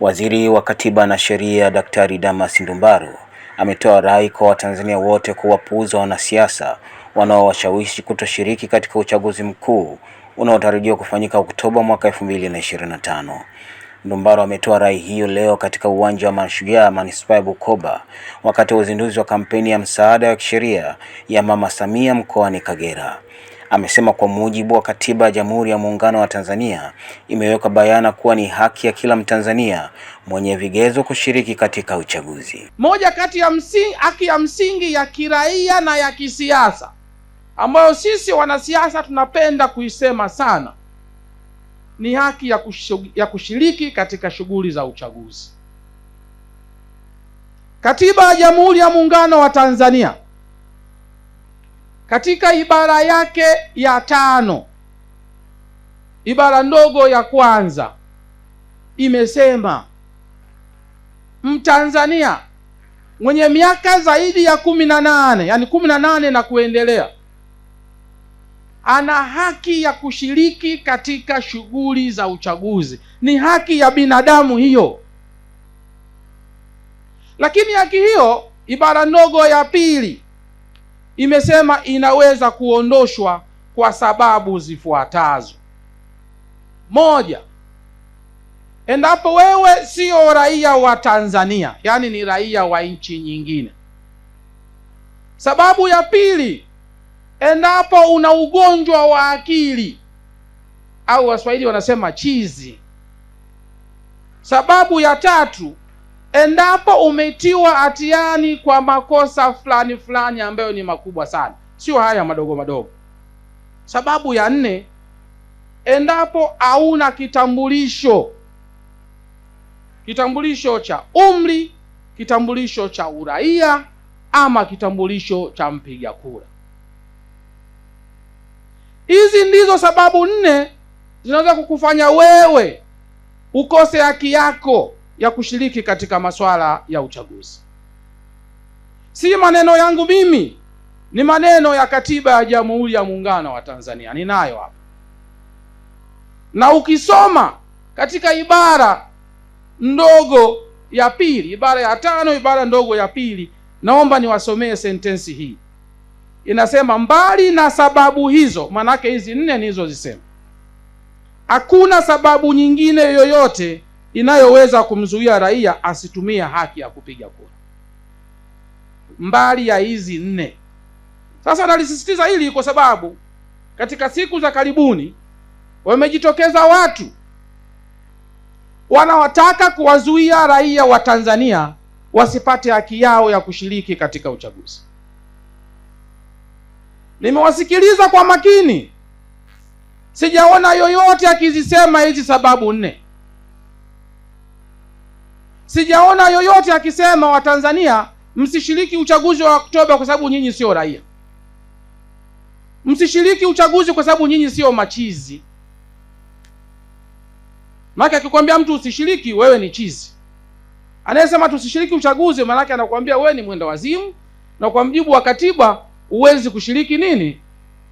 Waziri wa Katiba na Sheria Daktari Damas ndumbaro ametoa rai kwa Watanzania wote kuwapuuza wanasiasa wanaowashawishi kutoshiriki katika uchaguzi mkuu unaotarajiwa kufanyika Oktoba mwaka 2025. Ndumbaru ametoa rai hiyo leo katika uwanja wa Mashujaa manispaa ya Bukoba wakati wa uzinduzi wa kampeni ya msaada wa kisheria ya Mama Samia mkoani Kagera amesema kwa mujibu wa katiba ya Jamhuri ya Muungano wa Tanzania imewekwa bayana kuwa ni haki ya kila Mtanzania mwenye vigezo kushiriki katika uchaguzi. Moja kati ya msingi, haki ya msingi ya kiraia na ya kisiasa ambayo sisi wanasiasa tunapenda kuisema sana ni haki ya kushiriki katika shughuli za uchaguzi. Katiba ya Jamhuri ya Muungano wa Tanzania katika ibara yake ya tano ibara ndogo ya kwanza imesema Mtanzania mwenye miaka zaidi ya kumi na nane yani kumi na nane na kuendelea ana haki ya kushiriki katika shughuli za uchaguzi. Ni haki ya binadamu hiyo. Lakini haki hiyo, ibara ndogo ya pili imesema inaweza kuondoshwa kwa sababu zifuatazo: moja, endapo wewe sio raia wa Tanzania, yaani ni raia wa nchi nyingine. Sababu ya pili, endapo una ugonjwa wa akili au Waswahili wanasema chizi. Sababu ya tatu, endapo umetiwa hatiani kwa makosa fulani fulani ambayo ni makubwa sana, sio haya madogo madogo. Sababu ya nne, endapo hauna kitambulisho, kitambulisho cha umri, kitambulisho cha uraia ama kitambulisho cha mpiga kura. Hizi ndizo sababu nne zinaweza kukufanya wewe ukose haki yako ya kushiriki katika masuala ya uchaguzi. Si maneno yangu mimi, ni maneno ya katiba ya Jamhuri ya Muungano wa Tanzania, ninayo hapa. Na ukisoma katika ibara ndogo ya pili, ibara ya tano, ibara ndogo ya pili, naomba niwasomee sentensi hii. Inasema mbali na sababu hizo, maanake hizi nne nilizozisema, hakuna sababu nyingine yoyote inayoweza kumzuia raia asitumie haki ya kupiga kura, mbali ya hizi nne. Sasa nalisisitiza hili kwa sababu katika siku za karibuni wamejitokeza watu wanaotaka kuwazuia raia wa Tanzania wasipate haki yao ya kushiriki katika uchaguzi. Nimewasikiliza kwa makini, sijaona yoyote akizisema hizi sababu nne. Sijaona yoyote akisema Watanzania msishiriki uchaguzi wa Oktoba kwa sababu nyinyi sio raia, msishiriki uchaguzi kwa sababu nyinyi sio machizi. Maanake akikwambia mtu usishiriki, wewe ni chizi. Anayesema tusishiriki uchaguzi, maanake anakuambia wewe ni mwenda wazimu, na kwa mjibu wa katiba huwezi kushiriki nini,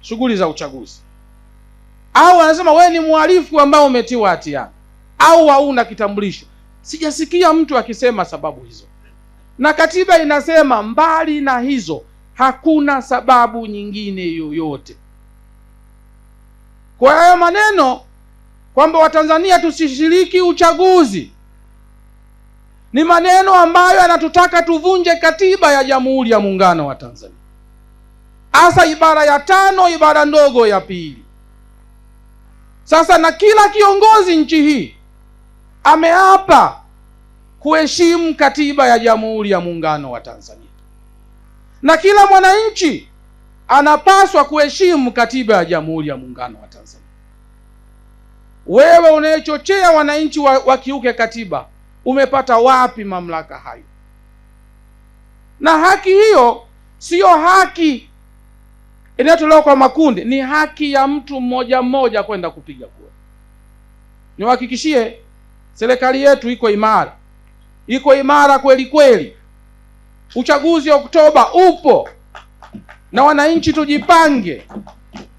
shughuli za uchaguzi. Au anasema wewe ni mhalifu ambao umetiwa hatia au hauna kitambulisho Sijasikia mtu akisema sababu hizo, na katiba inasema mbali na hizo hakuna sababu nyingine yoyote. Kwa hayo maneno kwamba Watanzania tusishiriki uchaguzi ni maneno ambayo yanatutaka tuvunje katiba ya Jamhuri ya Muungano wa Tanzania, hasa ibara ya tano ibara ndogo ya pili. Sasa na kila kiongozi nchi hii ameapa kuheshimu katiba ya Jamhuri ya Muungano wa Tanzania, na kila mwananchi anapaswa kuheshimu katiba ya Jamhuri ya Muungano wa Tanzania. Wewe unayechochea wananchi wakiuke wa katiba, umepata wapi mamlaka hayo? Na haki hiyo siyo haki inayotolewa kwa makundi, ni haki ya mtu mmoja mmoja kwenda kupiga kura. Niwahakikishie Serikali yetu iko imara, iko imara kweli kweli. Uchaguzi wa Oktoba upo na wananchi tujipange.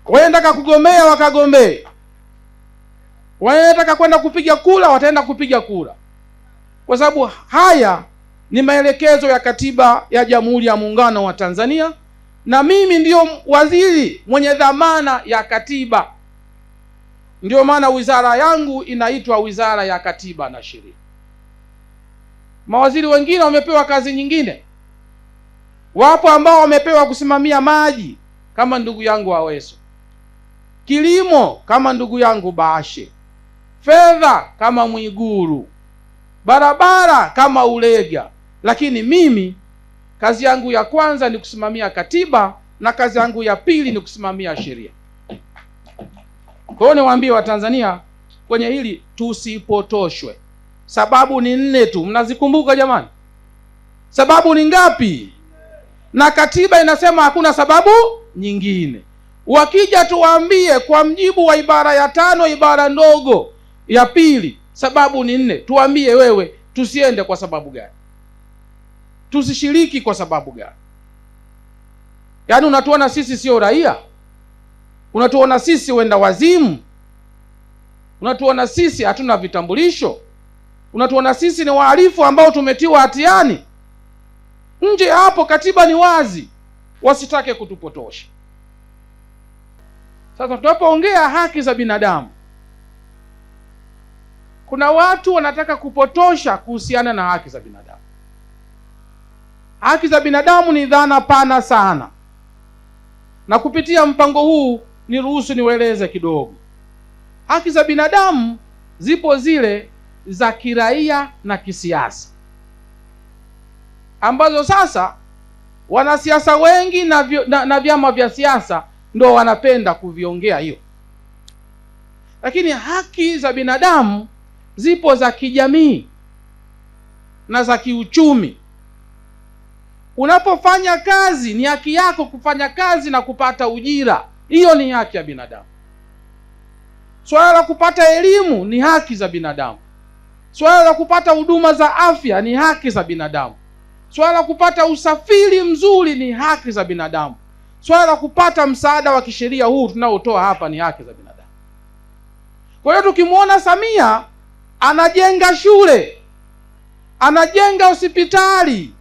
Wanataka kugomea wakagombee, wanataka kwenda kupiga kura wataenda kupiga kura, kwa sababu haya ni maelekezo ya Katiba ya Jamhuri ya Muungano wa Tanzania, na mimi ndiyo waziri mwenye dhamana ya katiba. Ndiyo maana wizara yangu inaitwa wizara ya katiba na sheria. Mawaziri wengine wamepewa kazi nyingine. Wapo ambao wamepewa kusimamia maji kama ndugu yangu Aweso, kilimo kama ndugu yangu Bashe, fedha kama Mwiguru, barabara kama Ulega. Lakini mimi kazi yangu ya kwanza ni kusimamia katiba na kazi yangu ya pili ni kusimamia sheria. Kwa hiyo niwaambie Watanzania kwenye hili tusipotoshwe. Sababu ni nne tu, mnazikumbuka jamani? Sababu ni ngapi? Na katiba inasema hakuna sababu nyingine. Wakija tuwaambie kwa mjibu wa ibara ya tano ibara ndogo ya pili, sababu ni nne, tuambie wewe, tusiende kwa sababu gani? Tusishiriki kwa sababu gani? Yaani unatuona sisi sio raia? Unatuona sisi wenda wazimu, unatuona sisi hatuna vitambulisho, unatuona sisi ni waarifu ambao tumetiwa hatiani. Nje hapo katiba ni wazi, wasitake kutupotosha. Sasa tunapoongea haki za binadamu, kuna watu wanataka kupotosha kuhusiana na haki za binadamu. Haki za binadamu ni dhana pana sana, na kupitia mpango huu niruhusu niweleze kidogo. Haki za binadamu zipo zile za kiraia na kisiasa, ambazo sasa wanasiasa wengi na, vyo, na, na vyama vya siasa ndo wanapenda kuviongea hiyo, lakini haki za binadamu zipo za kijamii na za kiuchumi. Unapofanya kazi, ni haki yako kufanya kazi na kupata ujira. Hiyo ni haki ya binadamu. Swala la kupata elimu ni haki za binadamu. Swala la kupata huduma za afya ni haki za binadamu. Swala la kupata usafiri mzuri ni haki za binadamu. Swala la kupata msaada wa kisheria huu tunaotoa hapa ni haki za binadamu. Kwa hiyo tukimwona Samia anajenga shule, anajenga hospitali,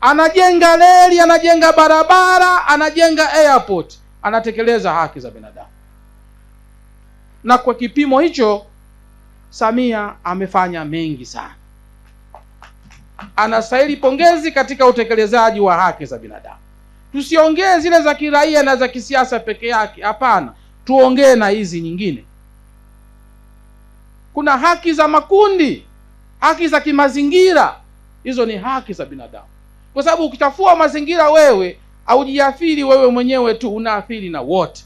anajenga reli, anajenga barabara, anajenga airport anatekeleza haki za binadamu, na kwa kipimo hicho Samia amefanya mengi sana, anastahili pongezi katika utekelezaji wa haki za binadamu. Tusiongee zile za kiraia na za kisiasa peke yake, hapana, tuongee na hizi nyingine. Kuna haki za makundi, haki za kimazingira, hizo ni haki za binadamu, kwa sababu ukichafua mazingira wewe aujiathiri wewe mwenyewe tu, unaathiri na wote.